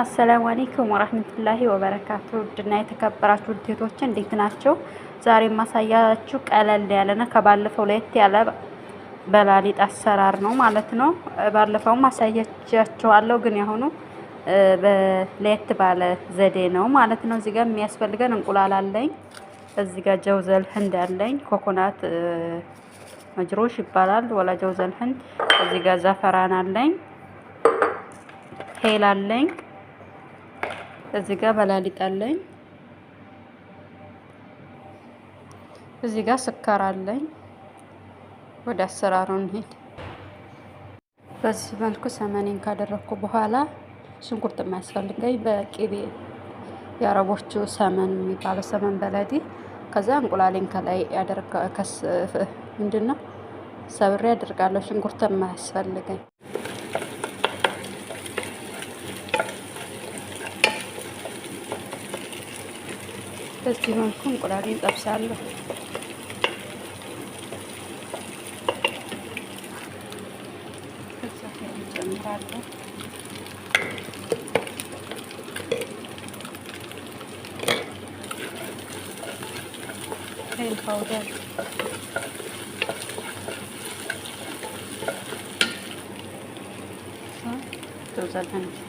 አሰላሙ አለይኩም ወራህመቱላሂ ወበረካቱ። ውድና የተከበራችሁ ውጤቶች እንዴት ናቸው? ዛሬ የማሳያችሁ ቀለል ያለና ከባለፈው ለየት ያለ በላሊጥ አሰራር ነው ማለት ነው። ባለፈውም ማሳያችኋለሁ፣ ግን ያሁኑ ለየት ባለ ዘዴ ነው ማለት ነው። እዚህ ጋር የሚያስፈልገን እንቁላል አለኝ። እዚህ ጋር ጀውዘል ህንድ አለኝ። ኮኮናት መጅሮሽ ይባላል ወላ ጀውዘል ህንድ። እዚህ ጋር ዘፈራን አለኝ። ሄል አለኝ እዚህ ጋር በላሊጥ አለኝ። እዚህ ጋር ስኳር አለኝ። ወደ አሰራሩ እንሄድ በዚህ መልኩ ሰመኔን ካደረግኩ በኋላ ሽንኩርት የማያስፈልገኝ በቅቤ የአረቦቹ ሰመን የሚባለው ሰመን በለዲ ከዛ እንቁላሌን ከላይ ምንድን ነው ሰብሬ ያደርጋለሁ። ሽንኩርት የማያስፈልገኝ በዚህ መልኩ እንቁላሌን ጠብሳለሁ። ጨምራለሁ ሄን ፓውደር ተውዛለች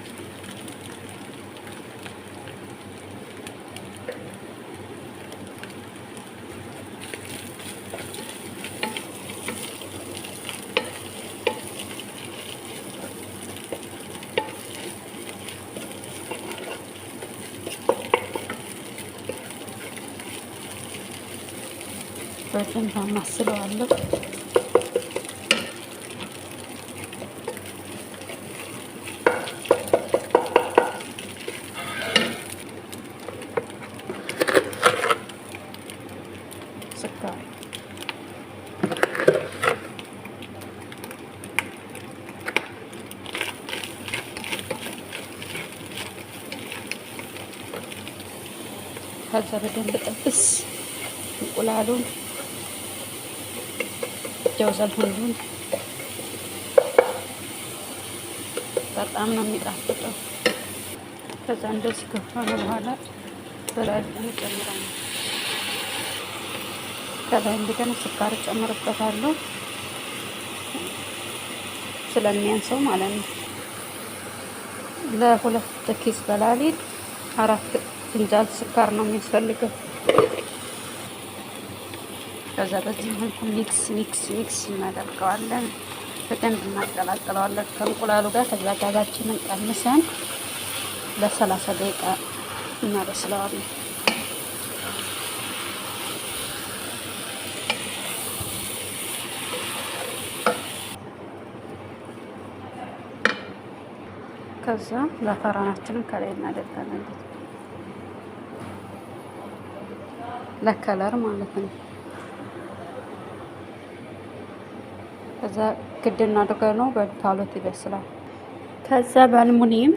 በደንብ አማስለዋለሁ። ከዛ በደንብ ጠብስ እንቁላሉን ጀውሰል ሁሉን በጣም ነው የሚጣፍጠው። ከዛ እንደዚህ ከሆነ በኋላ በላይ ይጨምራል። ከላይ እንደገና ስኳር ጨምርበታለሁ ስለሚያንሰው ማለት ነው። ለሁለት ኪስ በላሊት አራት ፍንጃል ስኳር ነው የሚያስፈልገው። ከዛ በዚህ መልኩ ሚክስ ሚክስ ሚክስ እናደርገዋለን። በደንብ እናቀላቅለዋለን ከእንቁላሉ ጋር። ከዛ ጋዛችንን ቀንሰን ለሰላሳ ደቂቃ እናበስለዋለን። ከዛ ዘፈራናችንን ከላይ እናደርጋለን ለከለር ማለት ነው። ከዛ ግድ እናድርገው ነው በእንፋሎት ይበስላል። ከዛ በአልሙኒየም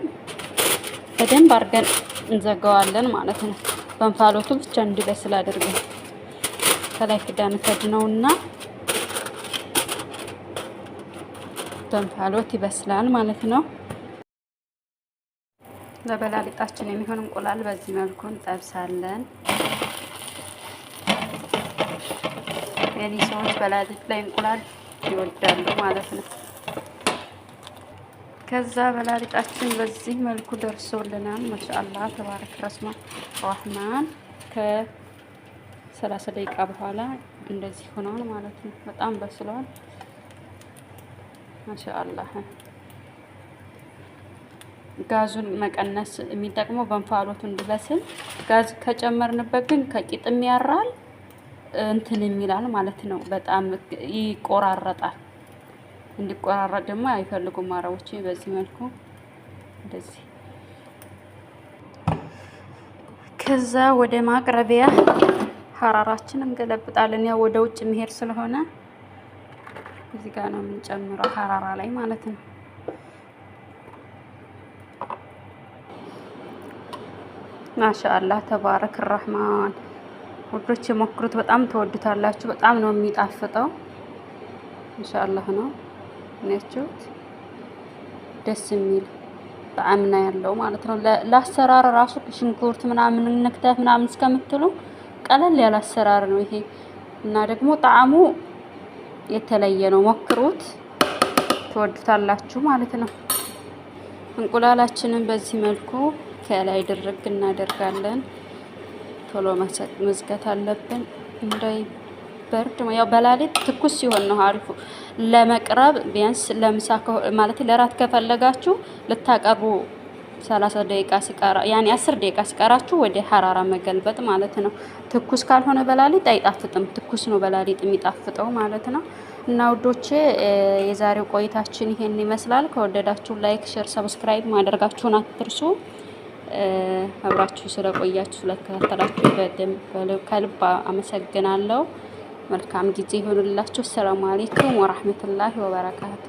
በደንብ አድርገን እንዘጋዋለን ማለት ነው። በእንፋሎቱ ብቻ እንዲበስል አድርገን ከላይ ክዳን ከድነውና በእንፋሎት ይበስላል ማለት ነው። ለበላሊጣችን የሚሆን እንቁላል በዚህ መልኩ እንጠብሳለን። የኔ ሰዎች በላሊጥ ላይ እንቁላል ይወዳሉ ማለት ነው። ከዛ በላሊጣችን በዚህ መልኩ ደርሶልናል። ማሻአላ ተባረክ ረስማ ራህማን ከሰላሳ ደቂቃ በኋላ እንደዚህ ሆኗል ማለት ነው። በጣም በስሏል። ማሻአላ ጋዙን መቀነስ የሚጠቅመው በእንፋሎቱ እንዲበስል። ጋዝ ከጨመርንበት ግን ከቂጥም ያራል እንትን የሚላል ማለት ነው። በጣም ይቆራረጣል። እንዲቆራረጥ ደግሞ አይፈልጉም አረቦች። በዚህ መልኩ እንደዚህ ከዛ ወደ ማቅረቢያ ሀራራችን እንገለብጣለን። ያው ወደ ውጭ መሄድ ስለሆነ እዚህ ጋር ነው የምንጨምረው ሀራራ ላይ ማለት ነው። ማሻአላህ ተባረክ ረህማን ውዶች የሞክሩት፣ በጣም ትወዱታላችሁ። በጣም ነው የሚጣፍጠው። ኢንሻአላህ ነው ነችሁት ደስ የሚል ጣዕም ነው ያለው ማለት ነው። ለአሰራር ራሱ ሽንኩርት ምናምን ነክተህ ምናምን እስከምትሉ ቀለል ያለ አሰራር ነው ይሄ እና ደግሞ ጣዕሙ የተለየ ነው። ሞክሩት፣ ትወዱታላችሁ ማለት ነው። እንቁላላችንን በዚህ መልኩ ከላይ ድርግ እናደርጋለን። ቶሎ መሰጥ መዝጋት አለብን እንዳይበርድ። ያው በላሊት ትኩስ ሲሆን ነው አሪፉ ለመቅረብ ቢያንስ ለምሳ ማለት ለራት ከፈለጋችሁ ልታቀርቡ 30 ደቂቃ ሲቀራ ያኔ 10 ደቂቃ ሲቀራችሁ ወደ ሀራራ መገልበጥ ማለት ነው። ትኩስ ካልሆነ በላሊጥ አይጣፍጥም። ትኩስ ነው በላሊጥ የሚጣፍጠው ማለት ነው። እና ውዶቼ የዛሬው ቆይታችን ይሄን ይመስላል። ከወደዳችሁ ላይክ፣ ሼር፣ ሰብስክራይብ ማድረጋችሁን አትርሱ። አብራችሁ ስለቆያችሁ ስለተከታተላችሁ በደንብ ከልብ አመሰግናለሁ። መልካም ጊዜ ይሁንላችሁ። ሰላም አለይኩም ወራህመቱላሂ ወበረካቱ